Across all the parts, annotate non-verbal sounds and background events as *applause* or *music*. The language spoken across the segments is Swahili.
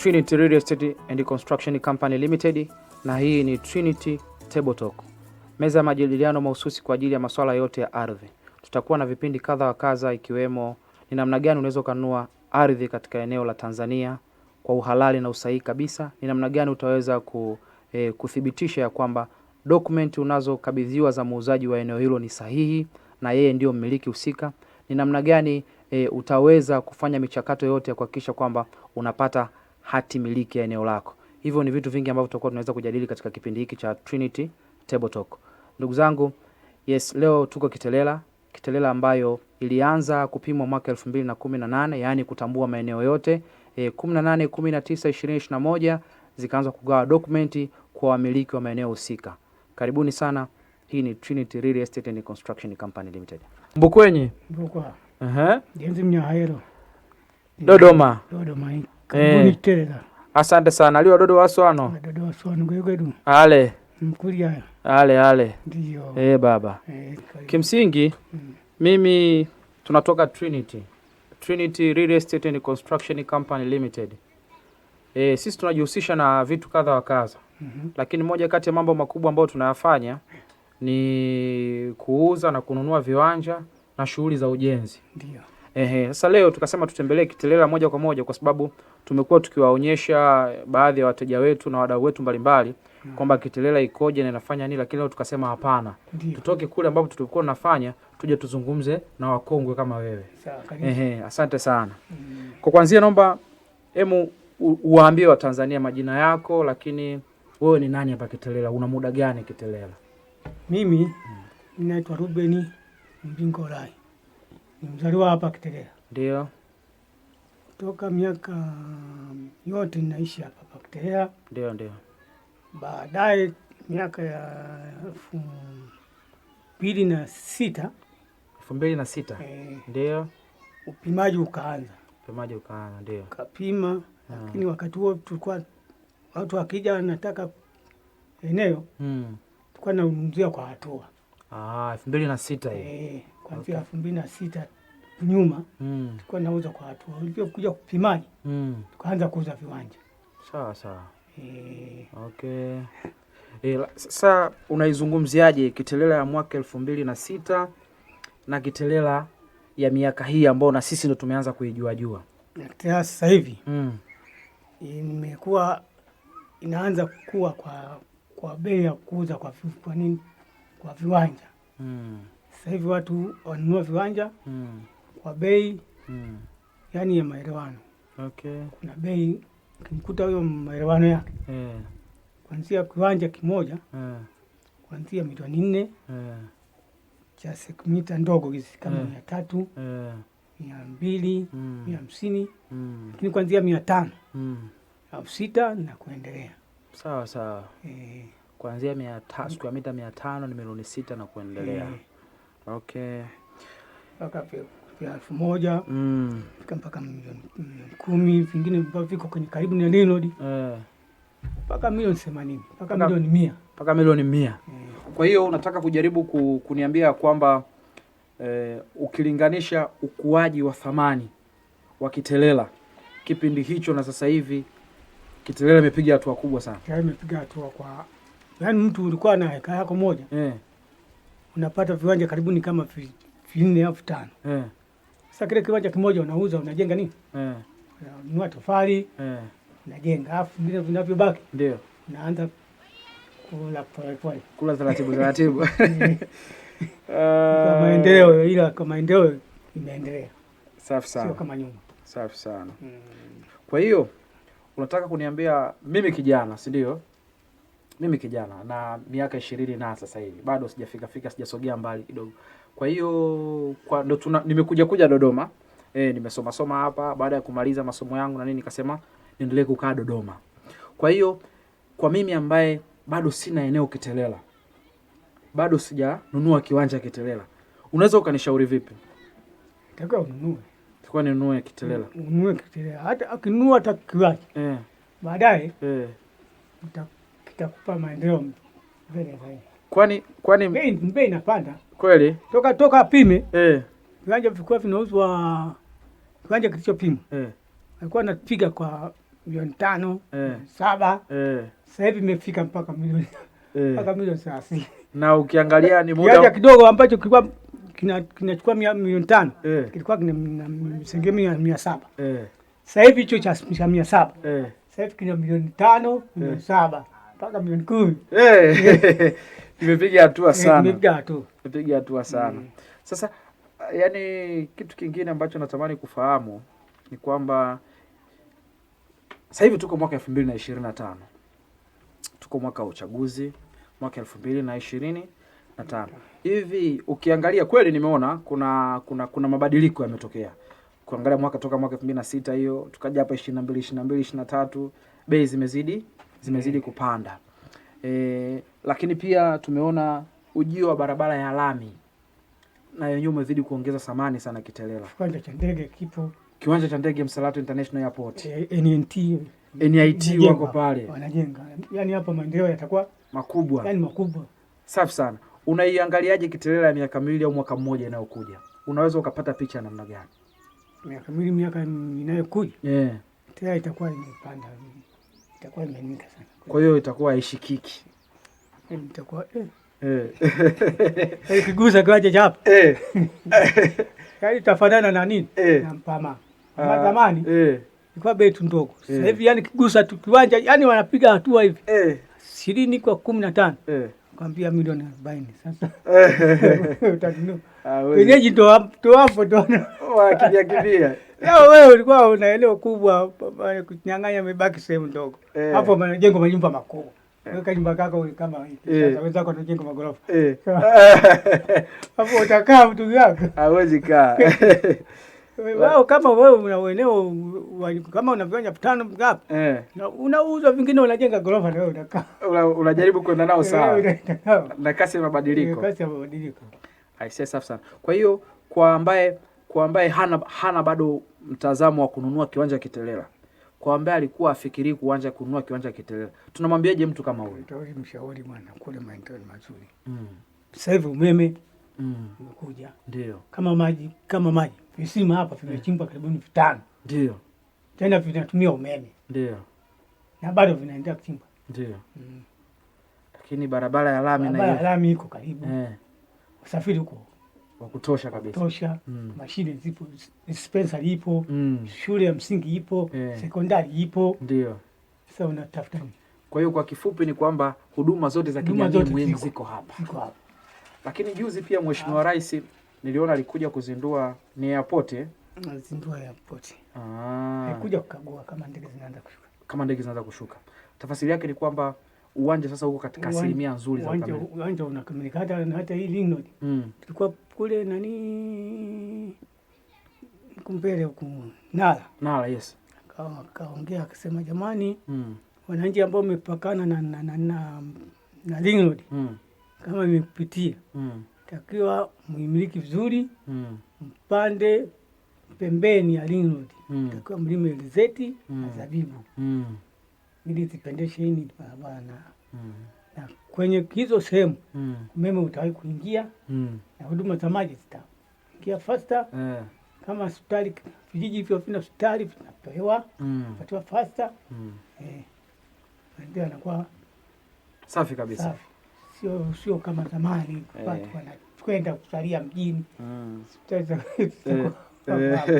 Trinity Real Estate and Construction Company Limited, na hii ni Trinity Table Talk, meza ya majadiliano mahususi kwa ajili ya masuala yote ya ardhi. Tutakuwa na vipindi kadha wa kadha, ikiwemo ni namna gani unaweza ukanunua ardhi katika eneo la Tanzania kwa uhalali na usahihi kabisa, ni namna gani utaweza ku, e, kuthibitisha ya kwamba dokumenti unazokabidhiwa za muuzaji wa eneo hilo ni sahihi na yeye ndiyo mmiliki husika, ni namna gani e, utaweza kufanya michakato yote ya kuhakikisha kwamba unapata hati miliki ya eneo lako. Hivyo ni vitu vingi ambavyo tutakuwa tunaweza kujadili katika kipindi hiki cha Trinity Table Talk. Ndugu zangu, yes, leo tuko Kitelela, Kitelela ambayo ilianza kupimwa mwaka 2018, yaani kutambua maeneo yote e, 18, 19, 20, moja zikaanza kugawa dokumenti kwa wamiliki wa maeneo husika. Karibuni sana. Hii ni Trinity Real Estate and Construction Company Limited. Mbukwenyi. Mbukwa. Uh -huh. Jenzi Dodoma. Dodoma. Eh. kabulitera asante sana ali wadodo waswano wadodo ah, waswano gwegwedu ale mkulia ale ale ndio eh baba e, kimsingi mm. mimi tunatoka Trinity Trinity Real Estate and Construction Company Limited. E, sisi tunajihusisha na vitu kadha wa kadha mm -hmm. Lakini moja kati ya mambo makubwa ambayo tunayafanya ni kuuza na kununua viwanja na shughuli za ujenzi. Ndio. Ehe, sasa leo tukasema tutembelee Kitelela moja kwa moja kwa sababu tumekuwa tukiwaonyesha baadhi ya wateja wetu na wadau wetu mbalimbali mm. kwamba Kitelela ikoje na inafanya nini, lakini leo tukasema hapana, tutoke kule ambapo tulikuwa tunafanya tuje tuzungumze na wakongwe kama wewe. Ehe, asante sana mm. kwa kwanza, naomba hemu uwaambie Watanzania majina yako, lakini wewe ni nani hapa Kitelela, una muda gani Kitelela? Mimi mm. naitwa Ruben Mbingolai ni mzaliwa hapa Kitelea. Ndio toka miaka yote ninaishi hapa hapa Kitelea. Ndio, ndio. Baadaye miaka ya elfu mbili na sita elfu mbili na sita e, ndio upimaji ukaanza. Upimaji ukaanza, ndio kapima, ah. lakini wakati huo tulikuwa watu wakija wanataka eneo hmm, tulikuwa nazungumzia kwa hatua ah, elfu mbili na sita hiyo eh, kwanzia elfu mbili na sita nyuma mm. Kwa nauza kwa watu kuja kupimani mm. Tukaanza kuuza viwanja sawa sawa. eh. okay. E, eh, sasa unaizungumziaje Kitelela ya mwaka elfu mbili na sita na Kitelela ya miaka hii ambayo na sisi ndo tumeanza kuijuajua Kitelela sasa hivi mm. Eh, Imekuwa inaanza kukua kwa kwa bei ya kuuza kwa, kwa nini kwa viwanja mm. Sasa hivi watu wanunua viwanja mm kwa bei hmm. Yani ya maelewano okay. Kuna bei kimkuta huyo maelewano yake yeah. Kuanzia kiwanja kimoja yeah. Kuanzia milioni nne yeah. Cha sekumita ndogo hizi kama yeah. mia tatu yeah. mia mbili mm. mia hamsini mm. Lakini kuanzia mia tano mm. elfu sita na kuendelea sawa sawa e. Kuanzia mia tatu sikuamita mia tano ni milioni sita na kuendelea e. Okay. Okay vya elfu moja mm. mpaka milioni kumi, vingine viko kwenye karibu na landlord eh. mpaka eh. milioni themanini mpaka milioni mia mpaka milioni mia mm. kwa hiyo unataka kujaribu ku, kuniambia kwamba eh, ukilinganisha ukuaji wa thamani wa Kitelela kipindi hicho na sasa hivi Kitelela imepiga hatua kubwa sana. Imepiga hatua kwa, yaani mtu ulikuwa na eka yako moja eh. unapata viwanja karibuni kama vinne elfu tano eh. Sasa kile kiwanja kimoja unauza unajenga nini? Eh. Yeah. Unanunua tofali. Eh. Yeah. Unajenga afu vile vinavyobaki. Ndio. Unaanza kula pole pole. Kula taratibu taratibu. *laughs* Eh. Eh. Kwa maendeleo ila kwa maendeleo inaendelea. Safi sana. Sio kama nyuma. Safi sana. Mm. Kwa hiyo unataka kuniambia mimi kijana, si ndio? Mimi kijana na miaka ishirini na sasa hivi bado sijafika fika, sijasogea mbali kidogo. Kwa hiyo kwa ndo tuna nimekuja kuja Dodoma. eh, nimesoma soma hapa baada ya kumaliza masomo yangu na nini nikasema niendelee kukaa Dodoma. Kwa hiyo kwa mimi ambaye bado sina eneo Kitelela, bado sijanunua kiwanja Kitelela, unaweza ukanishauri vipi? Takiwa ununue, takiwa ninunue Kitelela, ununue Kitelela. Hata akinunua hata kiwanja eh, baadaye eh, kitakupa maendeleo mbele zaidi, kwani kwani bei inapanda. Kweli? Toka toka pime. Eh. Viwanja vilikuwa vinauzwa kiwanja kilichopimwa. Eh. Alikuwa anapiga kwa milioni tano, eh, saba. Eh. Sasa hivi imefika mpaka milioni e. mpaka milioni thelathini. Na ukiangalia ni muda kiwanja kidogo ambacho kilikuwa kinachukua kina milioni tano eh, kilikuwa kina msengemi mia saba. Eh. Sasa hivi hicho cha mia saba. Eh. Sasa hivi kina milioni tano, e. milioni saba mpaka milioni kumi. Eh. *laughs* imepiga hatua eh, sana, imepiga hatua sana mm. Sasa eh, yani, kitu kingine ambacho natamani kufahamu ni kwamba sasa hivi tuko mwaka elfu mbili na ishirini na tano tuko mwaka wa uchaguzi mwaka elfu mbili na ishirini na tano hivi ukiangalia kweli, nimeona kuna kuna kuna mabadiliko yametokea. Kuangalia mwaka toka mwaka elfu mbili na sita hiyo tukaja hapa ishirini na mbili ishirini na mbili ishirini na tatu bei zimezidi zimezidi mm. kupanda e, lakini pia tumeona ujio wa barabara ya lami na yenyewe umezidi kuongeza thamani sana Kitelela. Kiwanja cha ndege kipo, kiwanja cha ndege Msalato International Airport e, NNT NIT wako pale wanajenga, yani hapa maendeleo yatakuwa makubwa, yani makubwa. Safi sana. Unaiangaliaje Kitelela ya miaka miwili au mwaka mmoja inayokuja? Unaweza ukapata picha namna gani miaka miwili, miaka inayokuja? yeah. tayari itakuwa imepanda, itakuwa imeninga sana, kwa hiyo itakuwa haishikiki Yaani nitakuwa eh. Eh. *laughs* kigusa kiwache cha hapa eh. *laughs* yaani tafanana na nini na Mpama kama ah. zamani ilikuwa betu ndogo. Sasa hivi yani kigusa tu kiwanja yani wanapiga hatua hivi ishirini kwa kumi na tano kwambia milioni arobaini sasa *laughs* ah, wenyeji towapo oh, wakijakibia Leo wewe ulikuwa una eneo kubwa yaani kunyang'anya, mebaki sehemu ndogo hapo, majengo manyumba makubwa Eh. weka nyumba kama eh. wenzako magorofa eh. *laughs* hapo, utakaa mtu hawezi kaa *laughs* wao kama wewe una eneo kama una viwanja vitano ngapi, unauza vingine, unajenga gorofa na wewe unakaa, unajaribu kwenda nao *laughs* sawa na kasi ya mabadiliko, kasi ya mabadiliko. safi sana. Kwa hiyo kwa ambaye kwa ambaye hana hana bado mtazamo wa kununua kiwanja Kitelela kwa ambaye alikuwa afikirii kuanza kununua kiwanja Kitelela, tunamwambiaje mtu kama huyo? Mshauri mshauri bwana, kule maendeleo mazuri mm. Sasa hivi umeme mm. umekuja ndio, kama maji kama maji, visima hapa vimechimbwa karibu karibuni vitano ndio, tena vinatumia umeme ndio, na bado vinaendelea kuchimbwa ndio mm. Lakini barabara ya lami na barabara ya lami iko karibu Eh. usafiri huko wa kutosha kabisa tosha. Mm. Mashine zipo, dispensari ipo mm. shule ya msingi ipo yeah. sekondari ipo ndio. Sasa unatafuta nini? Kwa hiyo kwa kifupi ni kwamba huduma zote za kijamii muhimu ziko hapa, ziko hapa. Lakini juzi pia Mheshimiwa ah. Rais niliona alikuja kuzindua ni airport, alizindua airport. Ah. Alikuja kukagua kama ndege zinaanza kushuka, kama ndege zinaanza kushuka. Tafasiri yake ni kwamba uwanja sasa uko katika asilimia nzuri za Uwanja unakamilika hata hata hii ring road. Mm. Tulikuwa kule nani kumbele huko Nala. Nala, yes. Akawa akasema jamani, mm. wananchi ambao mmepakana na na, na, na, na ring road. Mm. Kama imepitia. Mm. Takiwa muimiliki vizuri. Mm. Mpande pembeni ya ring road. Mm. Takiwa mlime alizeti mm. na zabibu. Mm ili zipendeshe hii barabara na, mm. na kwenye hizo sehemu mm. umeme utawahi kuingia mm. na huduma za maji zitaingia fasta yeah. kama hospitali vijiji hivyo vina hospitali vinatolewa mm. patiwa fasta mm. eh, ndio anakuwa safi kabisa safi. Sio, sio kama zamani eh. watu eh. wanakwenda kusalia mjini mm. Eh. *laughs*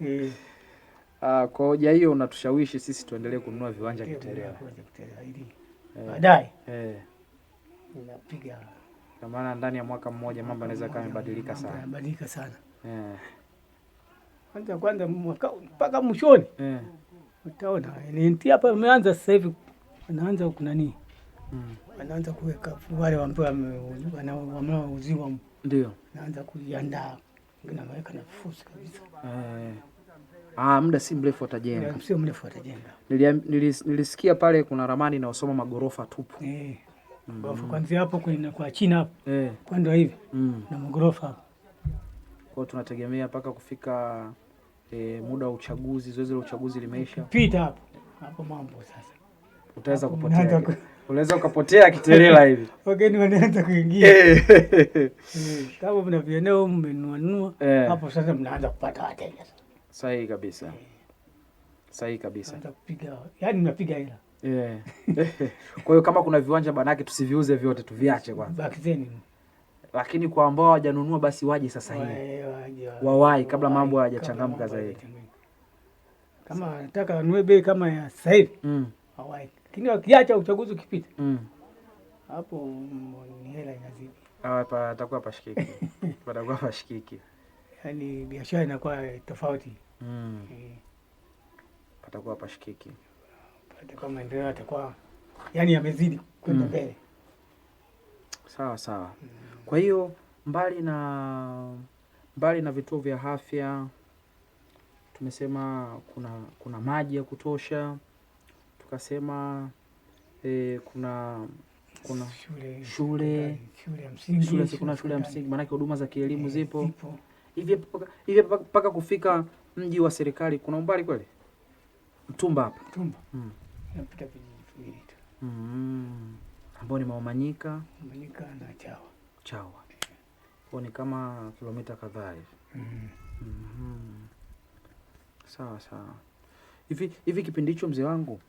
Eh. *laughs* Uh, kwa hoja hiyo unatushawishi sisi tuendelee kununua viwanja Kiterea eh. baadaye eh, napiga kwa maana ndani ya mwaka mmoja mambo yanaweza kama yamebadilika sana, yamebadilika sana eh, kwanza kwanza mpaka mwishoni eh, utaona NNT hapa umeanza sasa hivi, anaanza nini? mm, anaanza kuweka wale ambao wanaouziwa, ndio naanza kujiandaa. naweka na fusi kabisa eh Ah, muda si mrefu watajenga. Sio mrefu watajenga. Nilis, nilisikia pale kuna ramani na usoma magorofa tupu. Eh. Mm. Kwanza hapo kuna kwa China hapo. Eh. Kwenda hivi. Mm. Na magorofa hapo. Kwa tunategemea mpaka kufika e, muda wa uchaguzi, zoezi la uchaguzi limeisha. Pita hapo. Hapo mambo sasa. Utaweza kupotea. Unaweza ukapotea kiterela hivi. Wageni *laughs* wanaanza kuingia. Eh. Eh, kama mna vieneo mmenunua hapo sasa mnaanza kupata wateja. Sahihi kabisa, eh. sahihi kabisa. Mtapiga yani, mnapiga hela yeah. *laughs* Kwa hiyo kama kuna viwanja banake, tusiviuze vyote, tuviache kwanza, bakizeni. Lakini kwa ambao hawajanunua basi waje sasa hivi, wawahi kabla mambo hayajachangamka zaidi. Kama anataka anue bei kama ya sasa hivi mm. Hawahi, lakini wakiacha uchaguzi ukipita mm. hapo ni hela inazidi, hapa, atakuwa pashikiki *laughs* atakuwa pashikiki yani biashara inakuwa tofauti mm. E, patakuwa pashikiki, patakuwa maendeleo atakuwa yani yamezidi kwenda mm. mbele mm. Sawa sawa mm. Kwa hiyo mbali na mbali na vituo vya afya tumesema kuna kuna maji ya kutosha, tukasema e, kuna kuna shule shule shule ya msingi, maanake huduma za kielimu eh, zipo, zipo hivi hivi kufika mji wa serikali kuna umbali kweli? Mtumba hapa Mtumba mm. napita tu mm. ambao ni Maumanyika Maumanyika na Chawa Chawa kwa ni kama kilomita kadhaa hivi mm. mm sawa sawa. Hivi hivi kipindi hicho mzee wangu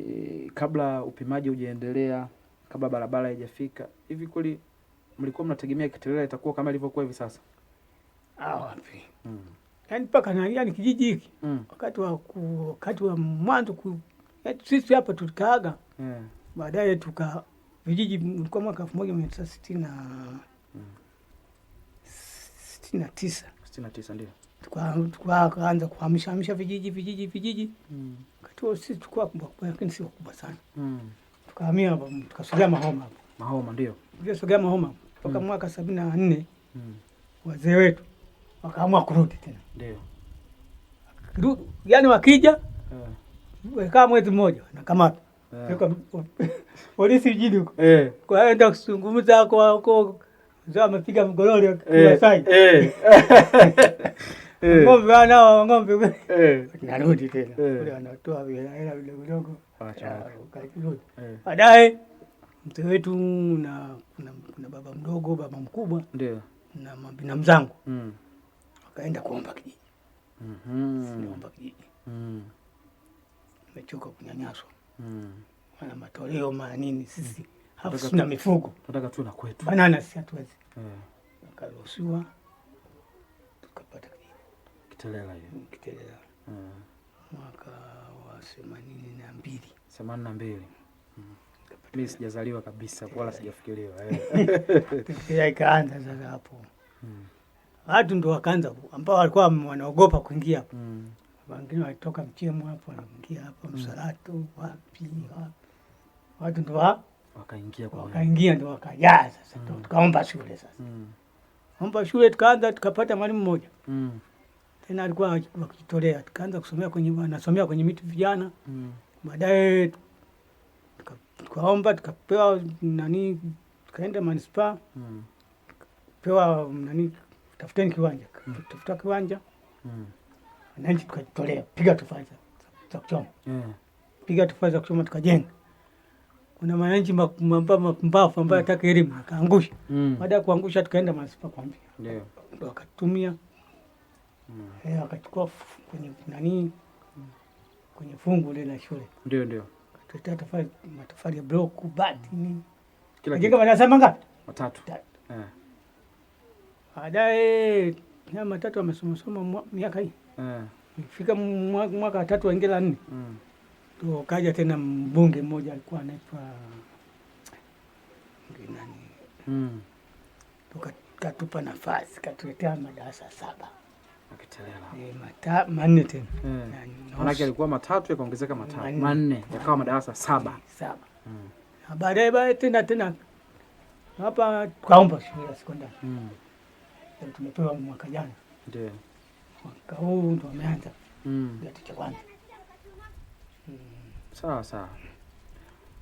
e, kabla upimaji hujaendelea, kabla barabara haijafika hivi, kweli mlikuwa mnategemea Kitelera itakuwa kama ilivyokuwa hivi sasa? awapi ah, mm. Yani mpaka nalia ni kijiji hiki mm. wakati wa ku, wakati wa mwanzo ku, yaani sisi hapa tulikaaga yeah. Mm. Baadaye tuka vijiji ulikuwa mwaka elfu moja mia tisa sitini na mm. sitini na tisa sitini na tisa ndio tukaanza kuhamisha hamisha vijiji vijiji vijiji mm. wakati huo sisi tulikuwa kubwa kubwa, lakini sio kubwa sana mm. tukahamia hapo tukasogea Mahoma hapo Mahoma ndio ndio sogea Mahoma mpaka mm. mwaka sabini na nne mm. wazee wetu wakaamua kurudi tena. Ndio. yani wakija eh. wakaa mwezi mmoja yeah. *laughs* polisi mjini huko eh. kwaenda kuzungumza kwa huko amepiga mgorori eh. Masai *laughs* ng'ombe wanao ng'ombe narudi tena kule wanatoa hela vidogo vidogo ah, karudi baadaye mzee wetu na kuna baba mdogo baba mkubwa na na mzangu mm kaenda kuomba kijiji. Mhm. Niomba kijiji. Mhm. Nimechoka kunyanyaswa. Mhm. Wala matoleo maana nini sisi. Mm. Hafu tuna mifugo. Tunataka tu na kwetu. Banana si hatuwezi. Mhm. Eh. Nikaruhusiwa tukapata kijiji. Kitelela hiyo. Mm, Kitelela. Mhm. Eh. Mwaka wa 82. 82. Mhm. Mimi sijazaliwa kabisa wala sijafikiriwa. Eh. *laughs* Ikaanza sasa hapo. Mhm watu ndo wakaanza ambao walikuwa wanaogopa kuingia hapo mm. Wengine walitoka Mchemo hapo wanaingia hapo mm. Msalato wapi wapi, watu ndo wakaingia kwa wakaingia ndo wakajaa sasa mm. tukaomba shule sasa mm. omba shule tukaanza tukapata mwalimu mmoja mm. tena alikuwa wakijitolea, tukaanza kusomea kwenye anasomea kwenye miti vijana mm. baadaye tukaomba tukapewa nani tukaenda manispaa mm. tukapewa nani tafuteni mm. kiwanja mm. tafuta kiwanja mm. wananchi tukajitolea, piga tofali za kuchoma mm. piga tofali za kuchoma tukajenga. Kuna mwananchi mbavu ambaye mm. ataka elimu akaangusha. Mm. Baada ya kuangusha, tukaenda manispaa kuambia, ndio wakatumia mm. Eh, kwenye nani kwenye fungu ile la shule, ndio ndio tuta tofali matofali ya bloku bati nini, kajenga madarasa mangapi? Matatu, matatu. Yeah baadaye haya matatu amesomasoma miaka hii yeah. Ikifika mwaka watatu waingila nne mm. to kaja tena mbunge mmoja alikuwa anaitwa nani mm. tukatupa nafasi katuletea madarasa saba E, manne tena eh. alikuwa matatu yakaongezeka matatu manne yakawa madarasa saba saba mm. baadaye baadaye tena tena hapa tukaomba shule ya sekondari mm ndio yaani tumepewa mwaka jana, ndio mwaka huu mm. ndio ameanza mm. kidato cha kwanza mm. sawa sawa,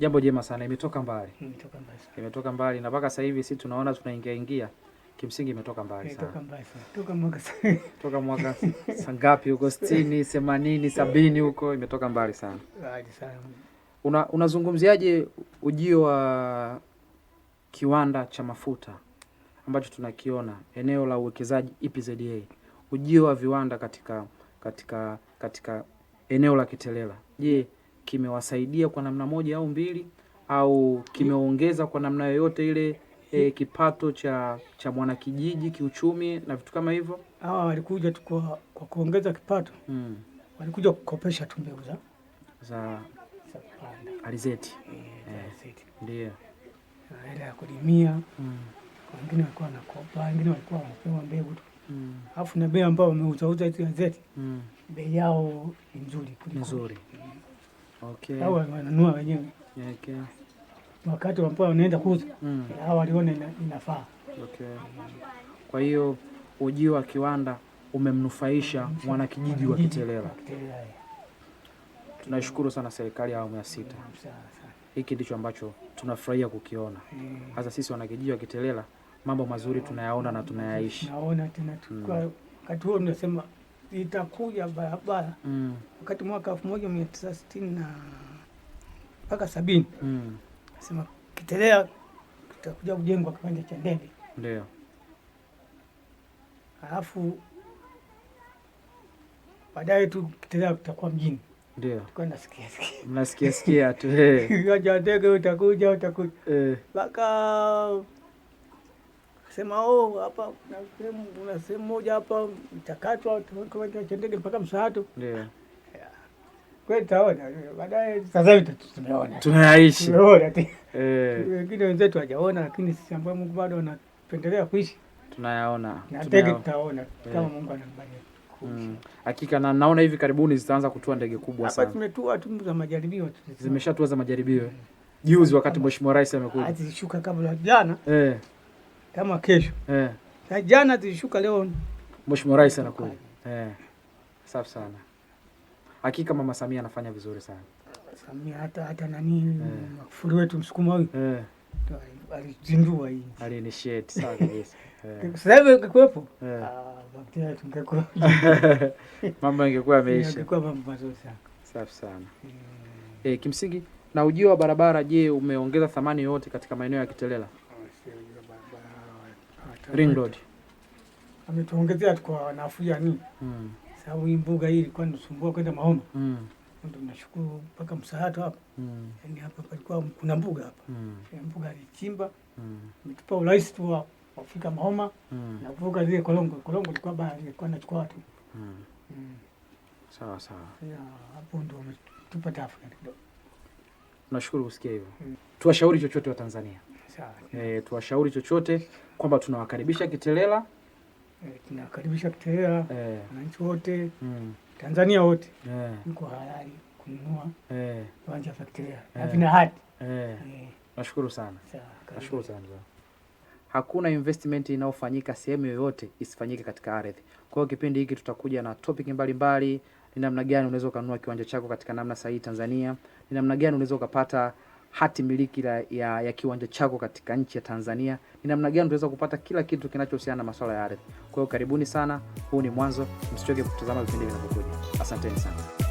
jambo jema sana, imetoka mbali, imetoka mbali imetoka mbali na mpaka sasa hivi sisi tunaona tunaingia ingia kimsingi imetoka mbali sana. Toka mbali sana. Toka mwaka *laughs* toka mwaka sangapi huko 60, 80, 70 huko imetoka mbali sana. Mbali sana. Una unazungumziaje ujio wa kiwanda cha mafuta ambacho tunakiona eneo la uwekezaji EPZA, ujio wa viwanda katika, katika, katika eneo la Kitelela. Je, kimewasaidia kwa namna moja au mbili au kimeongeza kwa namna yoyote ile e, kipato cha, cha mwanakijiji kiuchumi na vitu kama hivyo? Hawa walikuja tu kwa, kwa kuongeza kipato mm. walikuja kukopesha tu mbegu za za eh, eh, alizeti ndio ile ya kulimia hmm wengine walikuwa wanakopa, wengine walikuwa wanapewa mbegu tu mm. na bei ambayo wameuzauza hizi gazeti mm. bei yao ni nzuri nzuri okay. au wananunua wenyewe okay. wakati ambao wanaenda kuuza mm. hao waliona inafaa okay. Kwa hiyo ujio wa kiwanda umemnufaisha mwanakijiji wa Kitelela. Tunashukuru sana serikali ya awamu ya sita, hiki ndicho ambacho tunafurahia kukiona hasa sisi wanakijiji wa Kitelela, mambo mazuri tunayaona na tunayaishi. Naona tena mm. wakati huo tunasema itakuja barabara mm. wakati mwaka elfu moja mia tisa sitini na mpaka sabini mm. Sema Kitelela kitakuja kujengwa kiwanja cha ndege ndio, alafu baadaye tu Kitelela kitakuwa mjini ndio. Kwa nasikia sikia. Mnasikia sikia tu. Eh. Kilio *laughs* ndege utakuja utakuja. Eh. Baka sema oh, hapa kuna sehemu kuna sehemu moja hapa mtakatwa kwa cha ndege mpaka Msahatu. Ndio. Kwa taona baadaye sasa hivi tumeona. Tunaishi. Tumeona. Eh. Wengine wenzetu hajaona lakini sisi ambao Mungu bado anapendelea kuishi. Tunayaona. Na ndege tutaona kama eh. Mungu anambariki mm. Hakika na naona hivi karibuni zitaanza kutua ndege kubwa sana. Hapa tumetua tu za majaribio. Zimeshatua za majaribio. Mm. Juzi wakati Mheshimiwa Rais amekuja. Alishuka kabla jana. Eh. Kama kesho. Eh. Na jana tulishuka leo Mheshimiwa Rais anakuja. Eh. Safi sana. Hakika Mama Samia anafanya vizuri sana. Samia hata hata nani eh. Mafuru wetu msukuma huyu. Eh alizindua hii, alinitiate. Sawa kabisa. *laughs* Sasa hivi eh. ah, ungekuwepo, *laughs* mambo yangekuwa yameisha, yangekuwa mambo mazuri sana. Safi sana. Eh. eh, kimsingi na ujio wa barabara, je, umeongeza thamani yoyote katika maeneo ya Kitelela? Ring road ametuongezea kwa nafuu ya Mm. sababu hii mbuga hii ilikuwa inasumbua kwenda Mahoma. Hmm ndo nashukuru mpaka Msahato hapa mm. Yani hapa palikuwa kuna mbuga hapa mm. mbuga alichimba hmm. ametupa mm. urahisi tu wa kufika Mahoma mm. na kuvuka zile korongo. Korongo ilikuwa bahari, ilikuwa inachukua watu mm. mm. sawa sawa, hapo ndo wametupa tafu kidogo. Nashukuru kusikia hivyo mm. tuwashauri chochote wa Tanzania e, tuwashauri chochote kwamba tunawakaribisha Kitelela e, tunawakaribisha Kitelela eh. wananchi e. wote mm. Tanzania wote yeah. Mko halali kununua viwanja eh. yeah. yeah. na vina hati yeah. yeah. Nashukuru sana, nashukuru sana. Hakuna investment inayofanyika sehemu yoyote isifanyike katika ardhi. Kwa hiyo kipindi hiki tutakuja na topic mbalimbali, ni namna gani unaweza ukanunua kiwanja chako katika namna sahihi Tanzania, ni namna gani unaweza ukapata hati miliki la, ya, ya kiwanja chako katika nchi ya Tanzania, ni namna gani unaweza kupata kila kitu kinachohusiana na masuala ya ardhi. Kwa hiyo karibuni sana, huu ni mwanzo, msichoke kutazama vipindi vinavyokuja. Asanteni sana.